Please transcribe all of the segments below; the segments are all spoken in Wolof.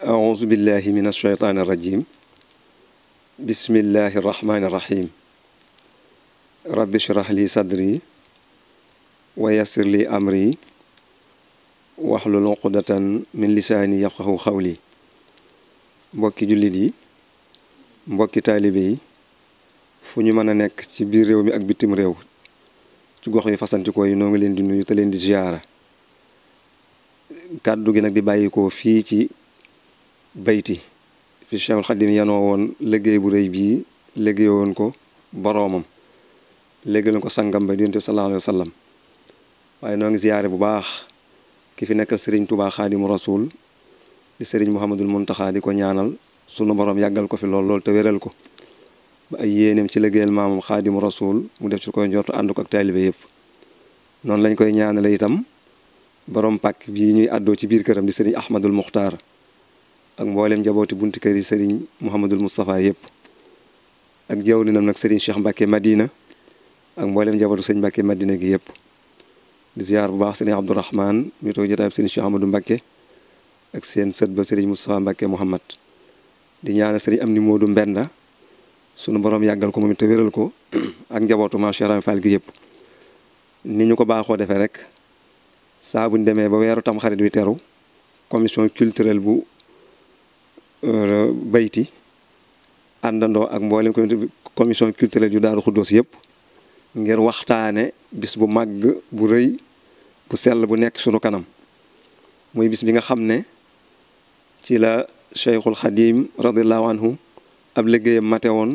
أعوذ بالله من الشيطان الرجيم بسم الله الرحمن الرحيم رب اشرح لي صدري ويسر لي أمري واحلul uqdatan min lisaani yafqahu xawli mbokki jullit yi mbokki taalibe yi fu ñu mën a nekk ci biir réew mi ak bitim réew ci gox yi fasantikoo yi noo ngi leen di nuyu te leen di ziyaara kàddu gi nag di bàyyikoo fii ci bayti fi Cheikhul Xadim yanoo woon liggéey bu rëy bii liggéeyoo woon ko boroomam léegaloon ko sangam ba yonent bi sallallahu alayhi wa sallam waaye noo ngi ziyaare bu baax ki fi nekkal sëriñ Tuubaa Xaadimu Rasuul di sëriñ Muhammadul Muntaxaa di ko ñaanal sunu borom yàggal ko fi lool lool te wéral ko ba ay yéeneem ci liggéeyal maamam Xaadimu Rasuul mu def ci koy njortu ànd ko ak taalibe yépp noonu lañ koy ñaanale itam borom pàkk bii ñuy àddoo ci biir këram di sëriñ Ahmadul Muxtaar ak mboolem njabooti buntu kër yi sëriñ Mouhamadul Moustapha yëpp ak jawrinam nag sëriñ Cheikh Mbacke Madina ak mboolem njabootu sëriñ Mbacke Madina gi yëpp di ziar bu baax sëriñ Abdourahman mi toog jotaay sëriñ Cheikh Amadou Mbacke ak seen sët sëriñ Moustapha Mbacke Mouhamad di ñaanal sëriñ am ni Modou Mbenda sunu borom yàggal ko moom it wéral ko ak njabootu maam Cheikh Ibra Fall gi yëpp ni ñu ko baaxoo defee rek saa bu demee ba weeru tam xarit wi teru commission culturelle bu. Euh, bayti àndandoo ak mboolem commission culturelle yu Daaru Xuddoos yëpp ngir waxtaane bis bu màgg bu rëy bu sell bu nekk sunu kanam mooy bis bi nga xam ne ci la Cheikhul Xadim radiallahu anhu ab liggéeyam mate woon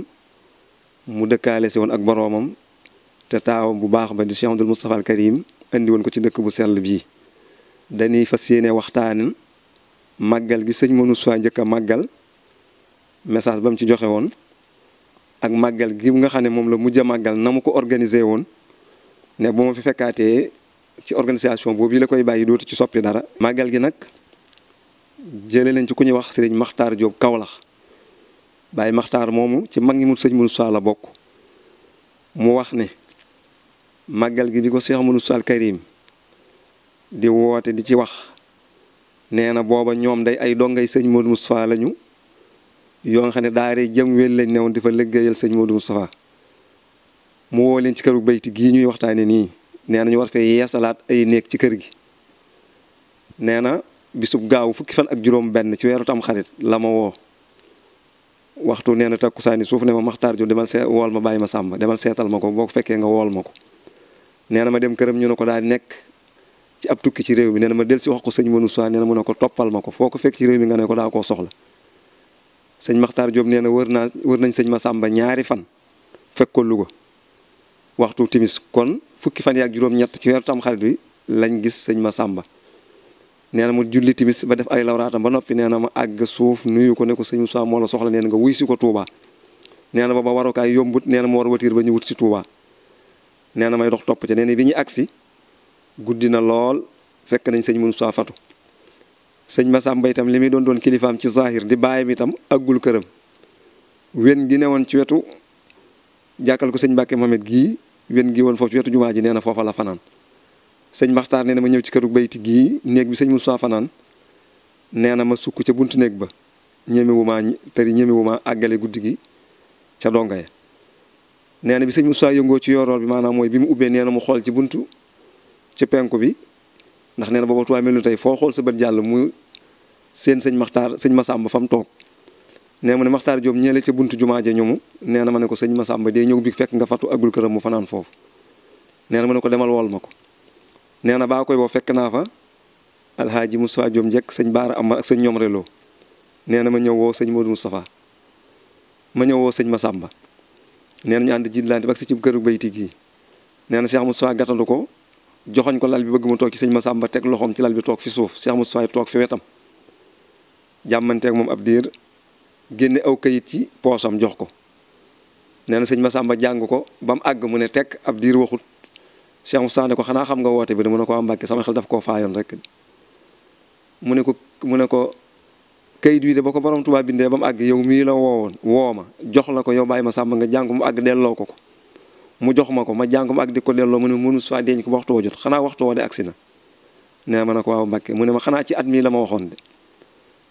mu dëkkaale si woon ak boroomam te taawam bu baax ba di Cheikh Abdul Moustapha al Karim andi woon ko ci dëkk bu sell bii dañuy fas yéene waxtaane màggal gi sëñ Manoussa njëkk a màggal message ba mu ci joxe woon ak màggal gi nga xam ne moom la mujj a màggal na mu ko organiser woon ne bu ma fi fekkaatee ci organisation boobu yi la koy bàyyi dootu ci soppi dara. màggal gi nag jële nañ ci ku ñuy wax sëriñ Maxtaar Diop kawlax Baye Maxtaar moomu ci mag ñi mu sëñ Manoussa la bokk mu wax ne màggal gi bi ko Cheikh Manoussa Karim di woote di ci wax. nee na booba ñoom day ay dongay sëñ Modou Moustapha lañu yoo nga xam ne daara jëm wel lañ newoon di fa liggéeyal sëñ Modou Moustapha mu woo leen ci këru bayti gii ñuy waxtaanee nii nee na ñu war fee ay néeg ci kër gi. nee na bisub gaawu fukki fan ak juróom-benn ci weeru tam xarit la ma woo waxtu nee na takkusaani suuf ne ma maxtaar ju demal see wool ma bàyyi ma sàmm demal seetal ma ko boo fekkee nga wool ma ko nee na ma dem këram ñu ne ko daal nekk. ci ab tukki ci rew mi neena ma del palma, wax ko sëñ Manoussa nee neena mu ko toppal ma ko foo ci rew mi nga ne ko da ko soxla makhtar job neena wërna wërnañ ma samba ñaari fan fekk ko waxtu timis kon fukki fan yak juroom ñatt ci wërtam xarit bi lañ gis sëñ Masamba samba neena mu julli timis ba def ay lawrata ba nopi neena ma ag suuf nuyu ko ne ko sëñ Moussa mo la soxla neena nga wuy ko Touba neena ba ba waro kay yombut neena mo war wëtir ba ñu wut ci Touba neena may dox top ci neena biñu aksi guddi na lool fekk nañ sëñ Moussa Fatou sëñ Massamba itam li may doon doon kilifaam ci Zahir di bàyyam itam aggul këram wen gi ne woon ci wetu jàkkal ko sëñ Mbàkke Mohamed gii wen gi woon foofu ci wetu jumaa ji nee na foofa la fanaan sëñ Maxtaar nee na ma ñëw ci këru bayti gii néeg bi sëñ Moussa fanaan nee na ma sukk ca buntu néeg ba ñemewumaa tëri ñemewumaa àggale guddi gi ca donga ya nee na bi sëñ Moussa yëngoo ci yooroor bi maanaam mooy bi mu ubbee nee na mu xool ci buntu ci penku bi ndax neena na booba Tuubaa tay fo xol sa bët jall mu seen seigne makhtar seigne massamba fam tok toog ne buntu ko sëñ de bi fek nga fatu agul kërëm mu fanaan fofu neena na ko demal wol mako neena ba koy bo fek na fa alhaaji Moussa jom jek seigne bar Amar ak seigne ñom relo neena ma ñew wo seigne Modou mustafa ma ñew wo seigne massamba neena ñu and jiitlante bak ci beyti gi neena Cheikh gatanduko joxoñ ko lal bi bëgg mu toog ci sëñ sàmba teg loxoom ci lal bi toog fi suuf Cheikh Moustapha toog fi wetam moom ab diir génne aw kayit ci poosam jox ko nee na sëñ Masamba jàng ko ba mu àgg mu ne teg ab diir waxut Cheikh Moustapha ne ko xanaa xam nga woote bi de mu ne ko am ah, Mbàkke sama xel daf koo faayoon rek mu ne ko mu ne ko kayit wi de ba ko borom Tuubaa bindee ba mu àgg yow mii la woowoon woo ma jox la ko yow bàyyi Masamba nga jàng mu àgg delloo ko ko mu jox ma ko ma jàng ko ak di ko delloo mu ne mënu soit denc ko ba waxtu woo jot xanaa waxtu woo de agsi na nee na ma ko waaw Mbàkke mu ne ma xanaa ci at la ma waxoon de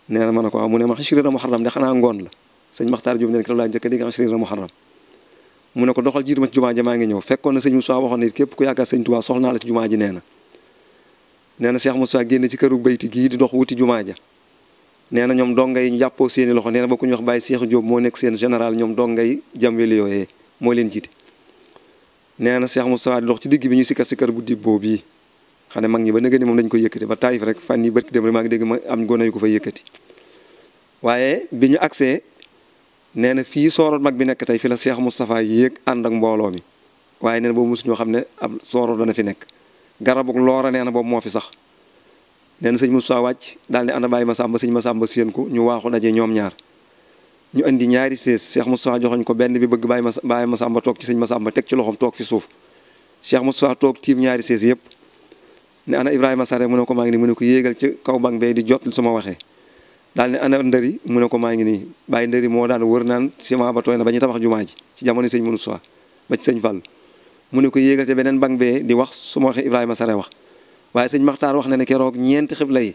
nee na ma ne ko waaw mu ma ashrira muharram de xanaa ngoon la sëñ Maxtaar Jóob neen ki laa njëkk a mu ne ko doxal jiitu ma ci jumaa maa ngi ñëw fekkoon na sëñ Moussa képp ku yaakaar sëñ Tuubaa soxla naa nee na nee na Cheikh Moussa génn ci këru bayti gii di dox wuti jumaa ja nee na ñoom donga yi jàppoo seeni loxo nee na ba ku ñu wax Baye Cheikh Jóob moo nekk seen général ñoom donga yi jam weli yooyee moo leen jiite nee na Cheikh Moustapha di dox ci digg bi ñu sikkar sikkar guddi boobu yi xam ne mag ñi ba nëgë ni moom dañu koy yëkkati ba taayif rek fan yi bërki dem rek maa ngi dégg ma am gone yu ko fa yëkkati waaye bi ñu agsee nee na fii sooroon mag bi nekk tey fi la Cheikh Moustapha yéeg ànd ak mbooloo mi waaye nee na boobu mosu ñoo xam ne ab sooroon dana fi nekk garabu loora nee na boobu moo fi sax nee na sëñ Moustapha wàcc daal ne ànd bàyyi ma sàmba sëñ ma sàmba séen ko ñu waaxu daje ñoom ñaar ñu indi ñaari sées Cheikh Moustapha joxoñ ko benn bi bëgg bàyyi ma bàyyi Masamba toog ci sëñ Masamba teg ci loxoom toog fi suuf mu Moustapha toog tiim ñaari sées yëpp ne ana Ibrahima Sare mu ko maa ngi nii mu ko yéegal ci kaw bank bay di jot su ma waxee daal ne ana ndëri mu ne ko maa ngi nii bàyyi ndëri moo daan wër naan ciment ba tooy na ba ñuy tabax jumaa ji ci jamono sëñ Moustapha ba ci sëñ Fall mu ne ko yéegal ci beneen bank bee di wax su ma waxee Ibrahima Sare wax waaye sëñ Maxtaar wax na ne keroog ñeenti xibla yi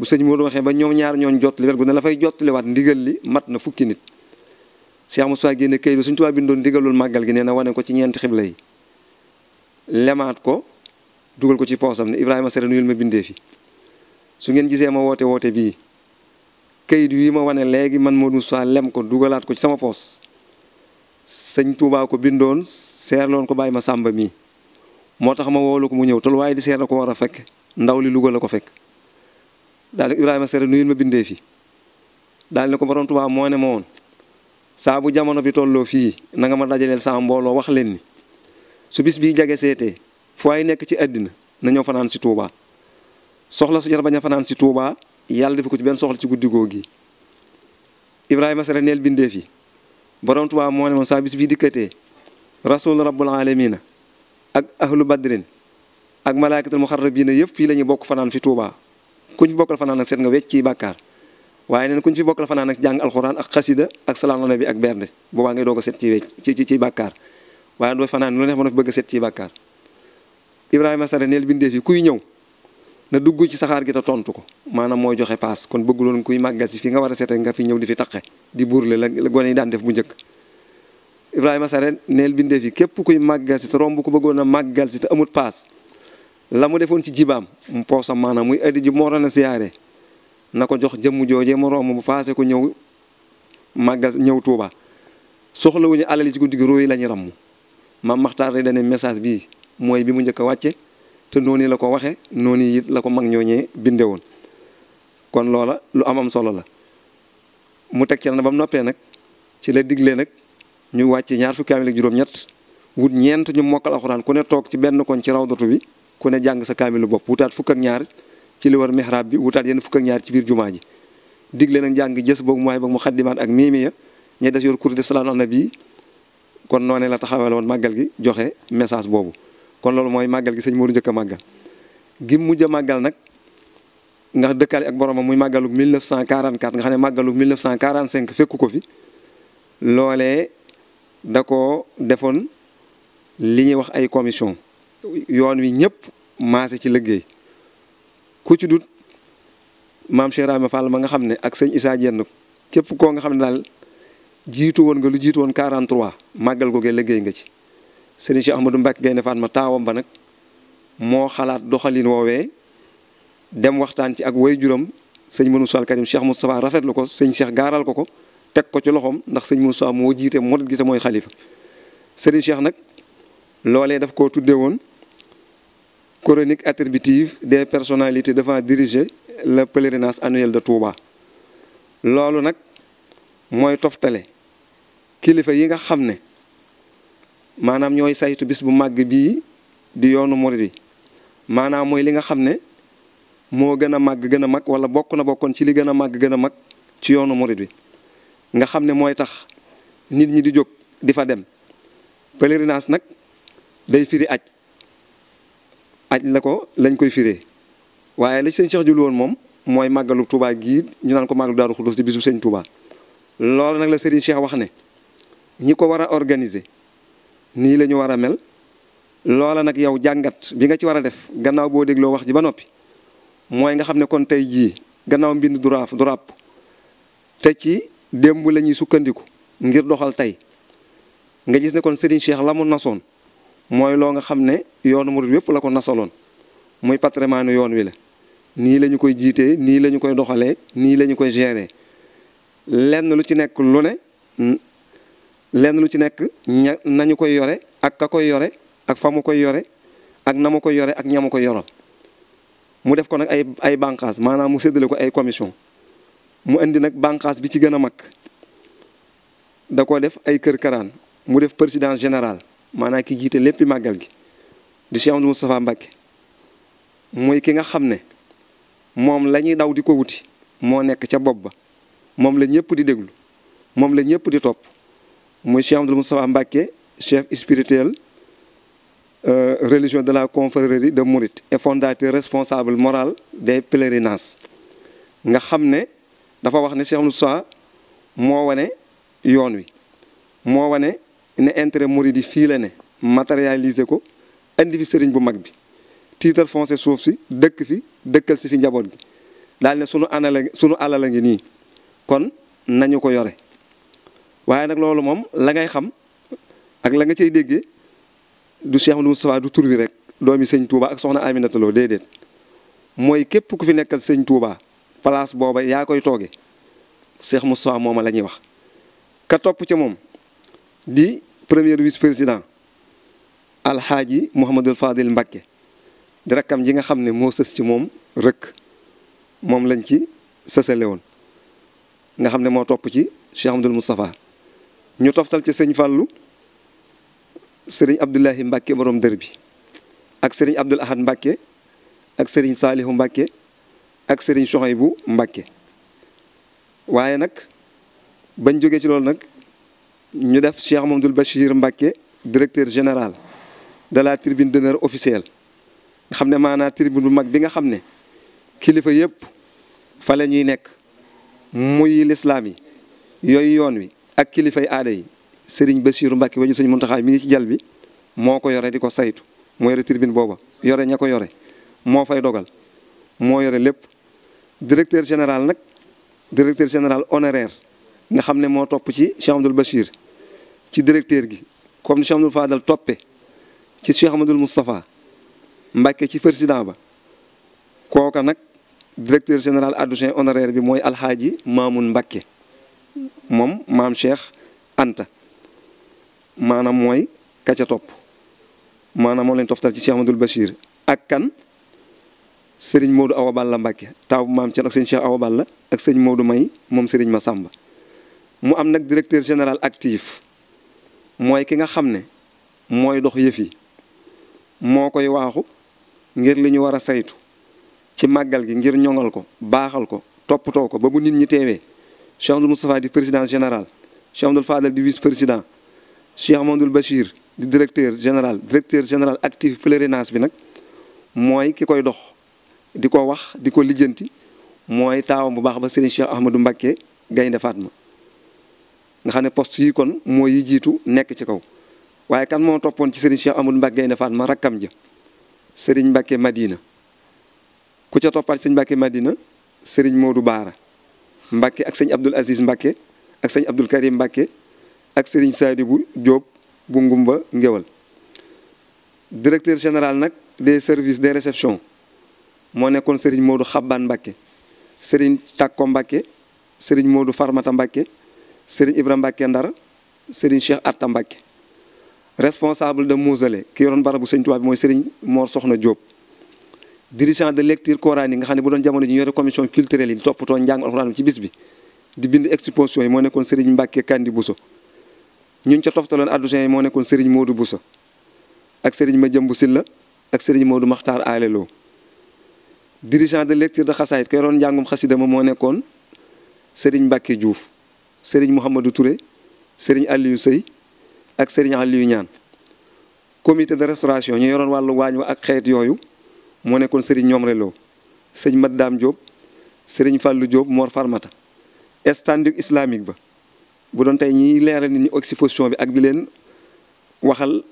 bu sëñ Modou waxee ba ñoom ñaar ñooñ jot li wet gu ne la fay jottaliwaat ndigal li mat na fukki nit Cheikh Moussa génne kayit bi suñ bindoon ndigalul màggal gi nee na wane ko ci ñeenti xibla yi lemaat ko dugal ko ci poosam ne Ibrahima Sere nuyul ma bindee su ngeen gisee ma woote woote bii kayit wi ma wane léegi man Modou Moussa lem ko dugalaat ko ci sama poos sëñ Touba ko bindoon seerloon ko bàyyi ma sàmba mii moo tax ma woolu ko mu ñëw waaye di seer la ko war a fekk ndaw li Louga la ko fekk dal Ibrahima Sere nuyul ma binde fi dal ne ko borom tuba mo ne mon sa bu jamono bi tollo fi na nga ma dajalel sa mbolo wax len ni su bis bi jage sete fo ay nek ci adina na ñoo fanan ci sabis soxla su jar baña fanan ci yalla def ko ci ben soxla ci guddigo gi Ibrahima Sere neel binde fi borom tuba mo ne mon sa bis bi dikete rasul rabbul alamin ak ahlu badrin ak malaikatul muxarrabiina yef fi lañu bokk fi kuñ bokal fanan nak set nga wécci bakkar bàkkaar waaye kuñ fi bokal fanan nak jang alxuraan ak qasida ak salaam nabi ak ak bo ba ngay dogo set ci wécci ci ci bakkar bàkkaar do fanan lu neex ma bëgg set ci bakkar ibrahima sare neel bindeef fi kuy ñew na dugg ci saxar gi ta tontu ko manam moy joxe pass kon won kuy magasi fi nga wara sété nga fi ñew di fi taxé di bourlé la goné daan def bu ñëk ibrahima sare neel fi képp kuy magasi te ko bëggona magal ci amut pass la mu defoon ci jibaam mu poosam maana muy addi ji moo doon a siyaare na ko jox jëmm joojee mu romb mu paase ko ñëw màggal ñëw Tuuba soxlawuñu alal yi ci guddi gi róoyi la ñu ramm maam Maxtaar day message bii mooy bi mu njëkk a wàcce te noonu la ko waxe noonu it la ko mag ñooñee binde woon kon loola lu amam solo la mu teg ci na ba mu noppee nag ci la diglee nag ñu wàcc ñaar fukki kaamil ak juróom-ñett wut ñeent ñu mokkal alxuraan ku ne toog ci benn koñ ci rawdatu bi ku ne jang sa kamilu bop wutat fuk ak ñaar ci li war mihrab bi wutat yenn fuk ak ñaar ci bir jumaa ji digle nak jang jess bok moy boog mu xaddimaat ak miimiya ñe des yor kur def salaatu annabi kon noné la taxawal won magal gi joxé message bobu kon lolu moy magal gi señ Modou njëkk magal gi mu a magal nak nga dekkali ak boromam muy màggalu 1944 nga xane ne 1945 fekk ko fi lolé dako ko liñi wax ay commission yoon wi ñëpp maase ci liggéey ku ci dut maam Cheikh Rahma ma nga xam ne ak sëñ Issa Dieng képp ko nga xam ne daal jiitu woon nga lu jiitu woon 43 màggal googee liggéey nga ci sëriñ Cheikh Ahmadou Mbacke Gaynde ma taawam ba nag moo xalaat doxalin woowee dem waxtaan ci ak juróom sëñ mënu Moussa Al Karim Cheikh Moustapha rafetlu ko sëñ Cheikh gaaral ko ko teg ko ci loxoom ndax sëñ Moussa moo jiite murit gi te mooy xalifa sëriñ Cheikh nag loolee daf koo tuddee woon chronique attributive des personnalités devant diriger le pèlerinage annuel de Touba loolu nak moy toftalé kilifa yi nga xamné manam ñoy saytu bis bu mag bi di yoonu mouride manam moy li nga xamné mo gëna mag gëna mag wala bokku na bokkoon ci li je suis gëna mag ci yoonu mouride nga xamné moy tax nit ñi di jog di fa dem pèlerinage nak, day firi aj la ko lañ koy firee waaye li sëñ Cheikh julu woon moom mooy màggalu Touba gii ñu naan ko màggalu Daaru Xudus di bisu sëñ Touba loolu nag la Serigne Cheikh wax ne ñi ko war a organiser nii lañu ñu war a mel loola nag yow jàngat bi nga ci war a def gannaaw boo dégloo wax ji ba noppi mooy nga xam ne kon tey jii gannaaw mbind du raaf du ràpp te ci démb lañuy sukkandiku ngir doxal tey nga gis ne kon Serigne Cheikh la na nasoon mooy loo nga xam ne yoonu murit yépp la ko nasaloon muy patrimoine yoon wi la nii la ñu koy jiitee nii lañu koy doxalee nii la ñu koy gérer lenn lu ci nekk lu ne lenn lu ci nekk ña nañu koy yore ak ka koy yore ak fa mu koy yore ak na mu koy yore ak ña mu koy yoral mu def ko nag ay ay bànqaas maanaam mu séddale ko ay commission mu indi nag bànqaas bi ci gën a mag da ko def ay kër karaan mu def président général maanaam ki jiite léppi màggal gi di Cheikh Amadou Moustapha Mbacke mooy ki nga xam ne moom la ñuy daw di ko wuti moo nekk ca bopp ba moom la ñëpp di déglu moom la ñëpp di topp muy Cheikh Amadou Moustapha Mbacke chef spirituel euh, religion de la confrérie de Mouride et fondateur responsable moral des pèlerinages nga xam ne dafa wax ne Cheikh Amadou Moustapha moo wane yoon wi moo wane ne intérêt murid yi fii la ne matérialiser ko indi fi sëriñ bu mag bi tiital foncé suuf si dëkk fi dëkkal si fi njaboot gi daal ne sunu anala sunu alal a ngi nii kon nañu ko yore waaye nag loolu moom la ngay xam ak la nga cay déggee du Cheikh Amadou Moustapha du tur bi rek doomi sëñ Touba ak soxna Aminata Lo déedéet mooy képp ku fi nekkal sëñ Touba place booba yaa koy tooge Cheikh Moustapha mooma la ñuy wax ka topp ca moom di premier vice-président al mohamed el Fadil Mbakke di rakam ji nga xamne mo seuss ci mom rek mom lañ ci sesselé won nga xamne mo top ci Cheikh Amadul Moustapha ñu toftal ci serigne Fallou serigne abdullah Mbakke borom derbi ak serigne Abdoul Ahad Mbakke ak serigne salih Mbakke ak serigne Soxaybu Mbakke waye nak bañ joggé ci lool nak ñu def Cheikh Mamadou Bachir Mbacké directeur général de la tribune d'honneur officielle nga xam ne maanaa tribune bu mag bi nga xam ne kilifa yëpp fa la ñuy nekk muy lislaam yi yooyu yoon wi ak kilifay aada yi Serigne Bassirou Mbacké wajur Serigne Mountakha mi ngi ci jal bi moo ko yore di ko saytu moo yore tribune booba yore ña ko yore moo fay dogal moo yore lépp directeur général nag directeur général honoraire nga xamne mo top ci Cheikh Amadou bashir ci directeur gi comme Cheikh Amadou Fadal topé ci Cheikh Amadou Moustapha Mbacke ci président ba koka nak directeur général adjoint honoraire bi moy alxaaji Mamoun Mbacke mom mam Cheikh Anta maanaam mooy kaca top manam mo len toftal ci Cheikh Amadou bashir ak kan Serigne Modou Awa Balla Mbacke taw mam Thierno ak serigne Cheikh Awa Balla ak serigne Modou May mom Serigne Massamba mu am nag directeur général actif mooy ki nga xam ne mooy dox yëf yi moo koy waaxu ngir li ñu war a saytu ci màggal gi ngir ñoŋal ko baaxal ko toppatoo ko ba bu nit ñi teewee Cheikh Amadou Moustapha di président général Cheikh Amadou Fadal di vice président Cheikh Amadou Bachir di directeur général directeur général actif pèlerinage bi nag mooy ki koy dox di ko wax di ko lijjanti mooy taawam bu baax ba Serigne Cheikh Ahmadou Mbacké Gaynde Fatma nga xam ne post yi kon moo yi jiitu nekk ci kaw waaye kan moo toppoon ci sëriñ Cheikh Amadou Mbacke Gaïndé Fatma rakkam ja sëriñ Mbacke Madina ku ca toppaat sëñ Mbacke Madina sëriñ Modou Baara Mbacke ak sëñ Abdoul Aziz Mbacke ak sëñ Abdoul Karim Mbacke ak sëriñ Sadibou Diop bu Ngumba Ngewal directeur général nag des service des réceptions moo nekkoon sëriñ Modou Xabbaan Mbacke sëriñ Takko Mbacke sëriñ Modou Farmata Mbacke Serigne Ibra Mbacke Ndar Serigne Cheikh Atta Mbacke responsable de mausolée ki yoroon barabu Serigne Touba bi mooy Serigne Mor Soxna Diop. dirigeant de lecture coranique nga xam ne bu jamono ji ñu yore commission culturelle yi toppatoo njàng alxuraan ci bis bi di bind exposition yi moo nekkoon Serigne Mbacke Kandi Bousso ñun ca toftaloon adjoint yi moo nekkoon Serigne Modou Bousso ak Serigne Madiambou Silla ak Serigne Modou Makhtar Alelo dirigeant de lecture de xasaayit ko yoroon njàngum xasida ma moo nekkoon Serigne Mbacke Diouf. sëriñ Mouhamadou ture sëriñ Aliou Sey ak sëriñ Aliou Ñaan comité de restauration ñu yoroon wàllu waañ wa ak xeet yooyu moo nekkoon sëriñ ñoom reloo sëñ Mat Daam Diop sëriñ Fàllu Diop Mor Farmata standing islamique ba bu doon tey ñiy leeral nit ñi exposition bi ak di leen waxal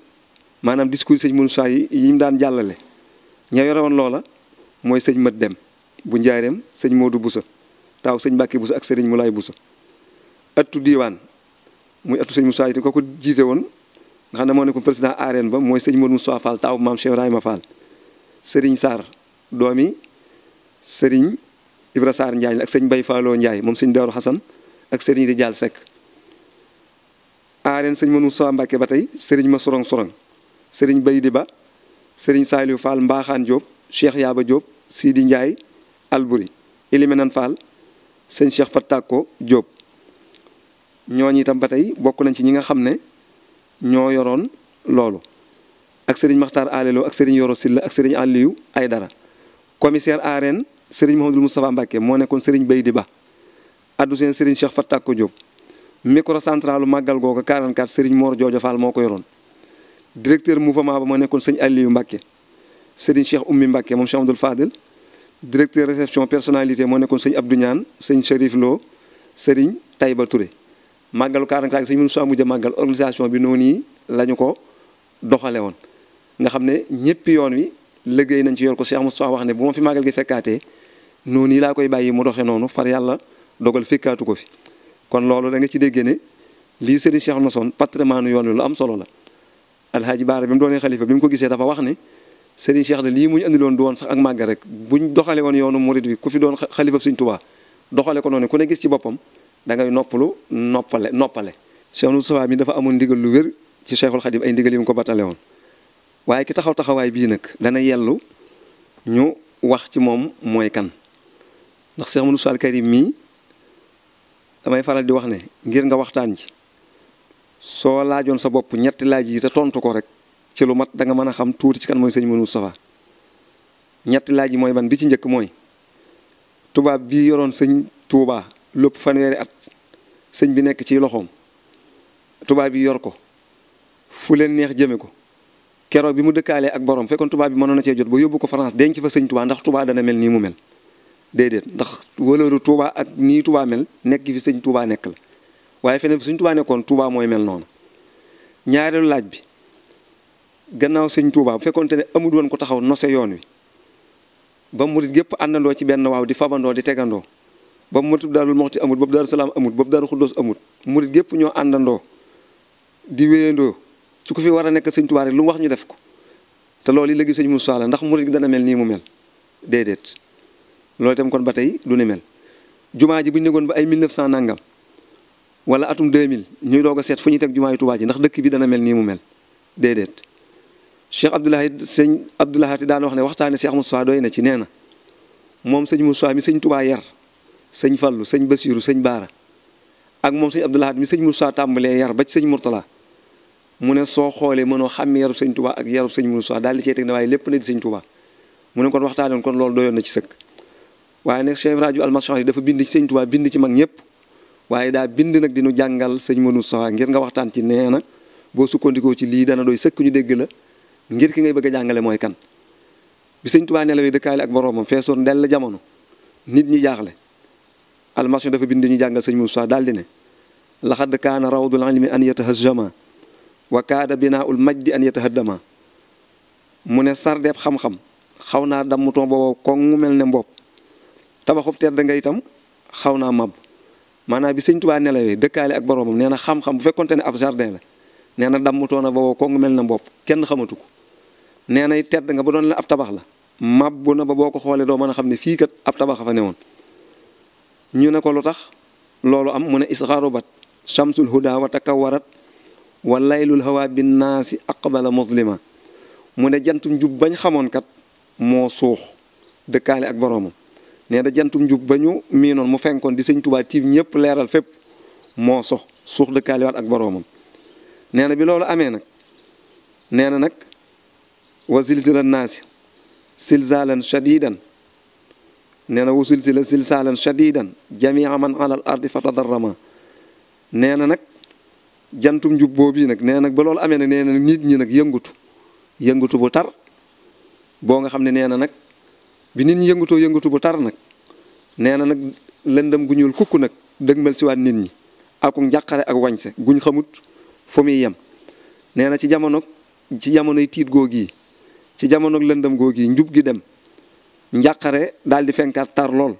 maanaam discours sëñ Moussa yi yi mu daan jàllale ña yore loola mooy sëñ Mat Dem bu njaareem sëñ Modou busa taaw sëñ Mbàkke Boussa ak sëriñ Moulay Boussa ëttu diiwaan muy ëttu sëñ Moussa itam kooku jiite woon nga xam ne moo ko président ARN ba mooy sëñ Modou Moussa Fall taawu maam Cheikh Ibrahima Fall Serigne Sarr doomi sëñ Bay Falloo Ndiaye moom sëñ Daaru Xasan ak Serigne di Jaal Seck ARN sëñ Modou Moussa Mbacke ba tey Serigne ma sorong sorong Bay di ba Serigne Saliou Fall Mbaaxaan Diop Cheikh Yaaba Diop Sidi Ndiaye Albouri Elimenan Fall sëñ Cheikh Fatako Diop. ñoo ñooñu itam ba tey bokk nañ ci ñi nga xam ne ñoo yoroon loolu ak sëriñ Maxtaar Alelo ak sëriñ Yoro Silla ak sëriñ Aliou Aydara commissaire arène sëriñ Mouhamadou Moustapha Mbacke moo nekkoon sëriñ Bay di Ba addu seen sëriñ Cheikh Fatakko Diop micro centralu màggal googa 44 sëriñ Mor Joojo Fall moo ko yoroon directeur mouvement ba moo nekkoon sëñ Aliou Mbacke sëriñ Cheikh Ummi Mbacke moom Cheikh Abdoul Fadil directeur réception personnalité moo nekkoon sëñ Abdou Niane sëñ Chérif Lo sëriñ Taïba Touré màggalu 40 ak Sëriñ Mountakha mujj a màggal organisation bi noonu yi la ñu ko doxale woon nga xam ne ñëpp yoon wi liggéey nañ ci yor ko Cheikh Moustapha wax ne bu ma fi màggal gi fekkaatee noonu yi laa koy bàyyi mu doxee noonu far yàlla dogal fekkaatu ko fi kon loolu da ci déggee ne lii Serigne Cheikh Nassone patrimoine yoon wi lu am solo la alhaaji baara bi mu doonee xalifa bi mu ko gisee dafa wax ne Serigne Cheikh de lii mu ñu andiloon du woon sax ak màggal rek buñ doxale woon yoonu murid bi ku fi doon xalifa Sëriñ Tuubaa doxale ko noonu ku ne gis ci boppam da ngay noppalu noppale noppale Cheikh Moustapha mi dafa amoon ndigal lu wér ci Cheikhul Khadim ay ndigal yi mu ko batale woon waaye ki taxaw taxawaay bii nag dana yellu ñu wax ci moom mooy kan ndax Cheikh Moustapha al Karim damay faral di wax ne ngir nga waxtaan ci soo laajoon sa bopp ñetti laaj yi te tontu ko rek ci lu mat da mën a xam tuuti ci kan mooy sëñ Moustapha ñetti laaj yi mooy ban bi ci njëkk mooy tubaab bii yoroon sëñ Tuubaa lépp fanweeri at sëñ bi nekk ci loxoom tubaab bi yor ko fu leen neex jëme ko keroog bi mu dëkkaalee ak borom fekkoon tubaab bi mënoon na cee jot ba yóbbu ko France denc fa sëñ tubaa ndax tubaa dana mel nii mu mel déedéet ndax wëlëru tubaa ak nii tubaa mel nekk fi sëñ tubaa nekk la waaye feneen suñ tubaa nekkoon tubaa mooy mel noonu ñaareelu laaj bi gannaaw sëñ tubaa bu fekkoonte ne amul woon ko taxaw nose yoon wi ba mu murit gépp àndandoo ci benn waaw di fabandoo di tegandoo ba mu daarul moxti amut boobu daaru salaam amut boobu daaru xuddoos amut murit gépp ñoo àndandoo di wéyandoo su ko fi war a nekk sëñ Tuubaa lu mu wax ñu def ko te loolu yi léegi sëñ Moussa la ndax murit gi dana mel nii mu mel déedéet loolu itam kon ba tey du ni mel jumaa ji bu ñu nekkoon ba ay 1900 nangam wala atum 2000 ñuy doog a seet fu ñuy teg jumaa yu Tuubaa ji ndax dëkk bi dana mel nii mu mel déedéet Cheikh Abdoulahi sëñ Abdoulahaati daan wax ne waxtaane Cheikh Moussa doy na ci nee na moom sëñ Moussa mi sëñ Tuubaa sëñ Fallou sëñ Basiiru sëñ Baara ak moom sëñ Abdoulahat mi sëñ Moussa tàmbalee yar ba ci sëñ Mourtala mu ne soo xoolee mënoo xàmmee yarub sëñ Touba ak yarub sëñ Moussa daal di cee na ne waaye lépp na di sëñ Touba mu ne kon waxtaanoon kon loolu doyoon na ci sëkk waaye nag Cheikh Ibrahima Almasri dafa bind ci sëñ Touba bind ci mag ñëpp waaye daa bind nag dinu jàngal sëñ Manu Sawa ngir nga waxtaan ci nee na boo sukkandikoo ci lii dana dooy sëkk ñu dégg la ngir ki ngay bëgg a jàngale mooy kan bi sëñ Touba nelawee dëkkaale ak boroomam feesoon dell jamono nit ñi jaaxle المصير في بندني جانغال سيني موسى دال دي لقد كان روض العلم ان يتهزم وكاد بناء المجد ان يتهدم من سار ديف خم خم خاونا دم تو بو كونغ نبوب مبوب تباخو تير دا تام خاونا ماب مانا بي سيني توبا نيلاوي دكالي اك بروم نينا خم خم فيكون تاني اف جاردين لا دم تو نا بو كونغ ملني مبوب كين خماتوكو نينا تيرد غا بودون لا اف تباخ لا ماب بو نا بو كو خولي ñu ne ko lutax tax loolu am mu ne isxaaru bat shamsul huda wa takawarat wa laylul hawa nasi aqbala muslima mu ne jantum jub bañ xamoon kat moo suux dëkkaale ak boroomam nee na jantum jub bañu ñu miinoon mu fenkoon di sëñ Tuubaa tiim ñëpp leeral fépp moo sox suux dëkkaale ak boroomam nee na bi loolu amee nag nee na nag wa zilzilan naasi silzalan shadidan nee na wa silsila silsaalan shadidan jamia man alal ardi fa tadarrama nee na nag jantum njub boobu nag nee nag ba loolu amee nag nee nag nit ñi nag yëngutu yëngutu bu tar boo nga xam ne nee na nag bi nit ñi bu tar nag nee na nag lëndëm gu ñuul kukk nag dëgmal siwaat nit ñi ak njàqare ak wañse guñ xamut fu muy yem nee na ci jamono ci jamonoy tiit goo gii ci jamono lëndëm goo gii njub gi dem njàqare daal di fenkaat tar lool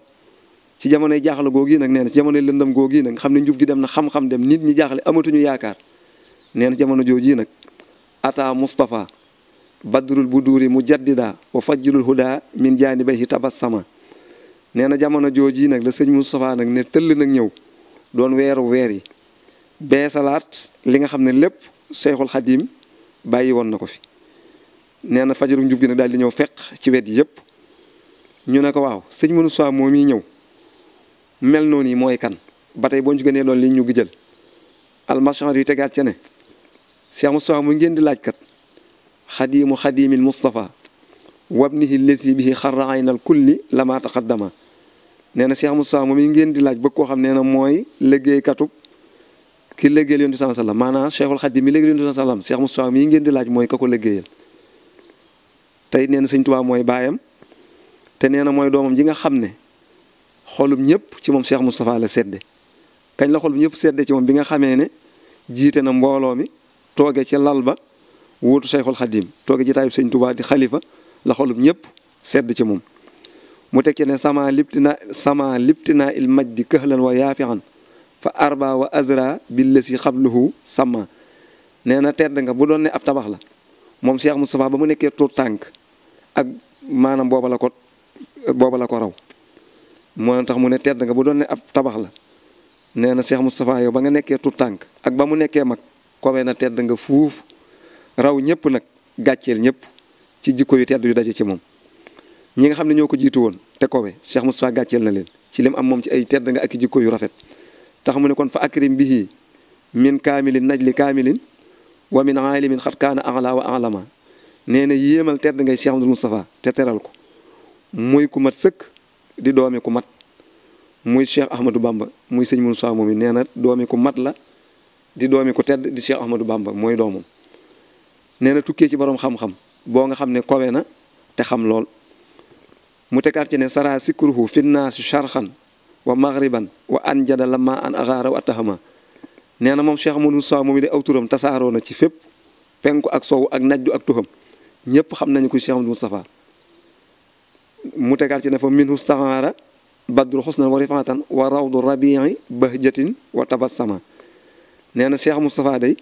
ci jamonoy jaaxle googu yi nag nee na ci jamonoy lëndam googu yi nag xam ne njub gi dem na xam-xam dem nit ñi jaaxle amatuñu yaakaar nee na jamono jooju nag ata Mustafa badrul buduri mujaddida wa fajjirul huda min jaanibayhi tabassama nee na jamono jooju nag la sëñ Moustapha nag ne tëll nag ñëw doon weeru weer yi beesalaat li nga xam ne lépp Seexul Xadiim bàyyi woon na ko fi nee na fajaru njub gi nag daal di ñëw fekk ci yëpp ñu ne ko waaw sëñ mënu Mounoussa moom mi ñëw mel noonu yi mooy kan ba tey boo ñu gënee loolu li ñu gi jël almachanr yu tegaat ca ne Cheikh Moustapha mu ngeen di laaj laajkat xadiimu xadiimil wa wabnihi lesi bihi xarraayna al kulli lama taqaddama nee na Cheikh Moustapha mu yi ngeen di laaj bëgg koo xam nee na mooy liggéeykatub ki liggéeyal yonent bi sallallahu alayhi wa sallam maanaam Cheikhul Xadim mi liggéeyal yonent bi sallallahu alayhi wa sallam Cheikh Moustapha mi ngeen di laaj mooy ka ko liggéeyal tey nee na sëñ Tuubaa mooy baayam te nee na mooy doomam ji nga xam ne xolum ñëpp ci moom Cheikh Moustapha la sedde kañ la xolum ñëpp sedde ci moom bi nga xamee ne jiite na mbooloo mi tooge ci lal ba wuutu Cheikhul Xadim tooge ci taayub Sëñ Tuubaa di xalifa la xolum ñëpp sedd ci moom mu tekkee ne sama liptina sama liptina di majdi këhlan wa yaafian fa arba wa azra billasi xabluhu sama nee na tedd nga bu doon ne ab tabax la moom Cheikh Moustapha ba mu nekkee tuut tànk ak maanaam booba la ko booba la ko raw moo tax mu ne tedd nga bu doon ne ab tabax la nee na Cheikh Moustapha yow ba nga nekkee tut tànk ak ba mu nekkee mag kowee na tedd nga fuuf raw ñëpp nag gàcceel ñëpp ci jikko yu tedd yu daje ci moom ñi nga xam ne ñoo ko jiitu woon te kowe Cheikh Moustapha gàcceel na leen ci lim am moom ci ay tedd nga ak jikko yu rafet tax mu ne kon fa akrim bihi min kaamilin najli kaamilin wa min aalimin xat kaana ala wa alama nee na yéemal tedd ngay Cheikh Moustapha te teral ko muy ku mat sëkk di doomi ku mat muy Cheikh Ahmadou Bamba muy sëñ Moussa moom yi nee na doomi ku mat la di doomi ku tedd di Cheikh Ahmadou Bamba mooy doomam nee na tukkee ci boroom xam-xam boo nga xam ne kowe na te xam lool mu tekaat ci ne sara sikruhu finnaasi charxan wa maghriban wa an jada lama an agaara wa atahama nee na moom Cheikh Ahmadou Moussa moom yi de aw turam tasaaroo na ci fépp penku ak sowu ak najju ak tuxam ñépp xam nañu ko Cheikh Ahmadou Moustapha متكاتين فمنه السهارة بدر حسن ورفعتا وروض الربيع بهجة وتبسما نانا الشيخ مصطفى دي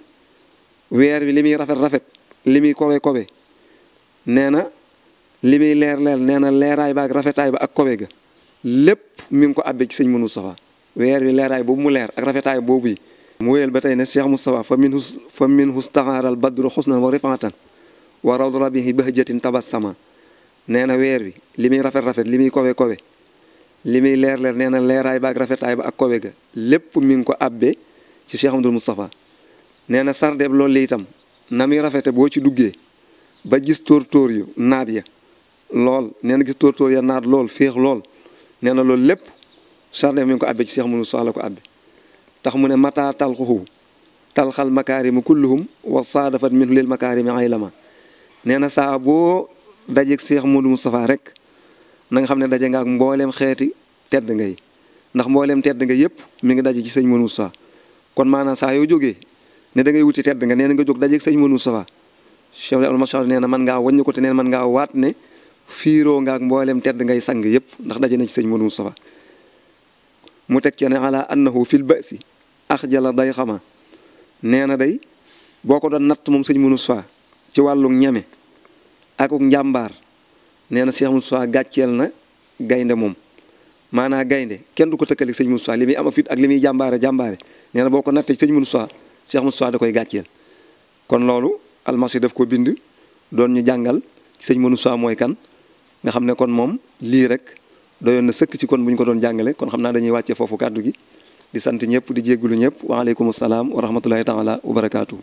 وير لمي رفت رفت لمي كوبي كوبي نانا لمي لير لير نانا لير اي باك رفت اي باك كوبي لب ميمكو ابيك سن منو صفا وير لير اي بو مولير اك رفت اي بو بي مويل بتاي نا الشيخ مصطفى فمن فمن استعار البدر حسنا ورفعتا وروض الربيع بهجة تبسما nee na weer wi li muy rafet rafet li muy kowe kowe li muy leer leer nee na leeraay ba ak rafetaay ba ak kowe ga lépp mi ngi ko abbee ci Cheikh Amadou Moustapha nee na sardeeb loolu la itam na muy rafete boo ci duggee ba gis tóor-tóor yu naat ya lool nee gis toor ya naat lool féex lool nee na loolu lépp sardeeb mi ngi ko abbee ci Cheikh Amadou Moustapha ko abbee tax mu ne mataa talxuhu talxal makaarimu kulluhum wa saadafat minhu lil makaarimi ay lama nee na saa dajeeg Seex Moodu Moustapha rek na nga xam ne daje nga ak mbooleem xeeti tedd ngay ndax mbooleem tedd nga yëpp mu ngi daje ci sëñ Moodu Moustapha kon maanaam saa yoo jógee ne da ngay wuti tedd nga nee na nga jóg daje sëñ Moodu Moustapha Cheikh al Machar nee na man ngaa wàññi ko te nee na man ngaa waat ne fiiroo nga ak mbooleem ngay sang yëpp ndax daje na ci sëñ Moodu Moustapha mu teg cee ne ala annahu fil basi axjala day xama nee na day boo ko doon natt moom sëñ Moodu Moustapha ci wàllu ñeme akuk njàmbaar nee na Cheikh Moussa gàcceel na gaynde moom maanaa gaynde kenn du ko tëkkale sëñ Moussa li muy ama fit ak li muy jàmbaare jàmbaare nee boo ko nattee sëñ Moussa Cheikh Moussa da koy gàcceel kon loolu almasi def ko bind doon ñu jàngal sëñ mënu Moussa mooy kan nga xam ne kon moom lii rek doyoon na sëkk ci kon bu ñu ko doon jàngale kon xam naa dañuy wàccee foofu kàddu gi di sant ñëpp di jéggulu ñëpp waaleykum salaam wa rahmatullahi taala wa barakaatu.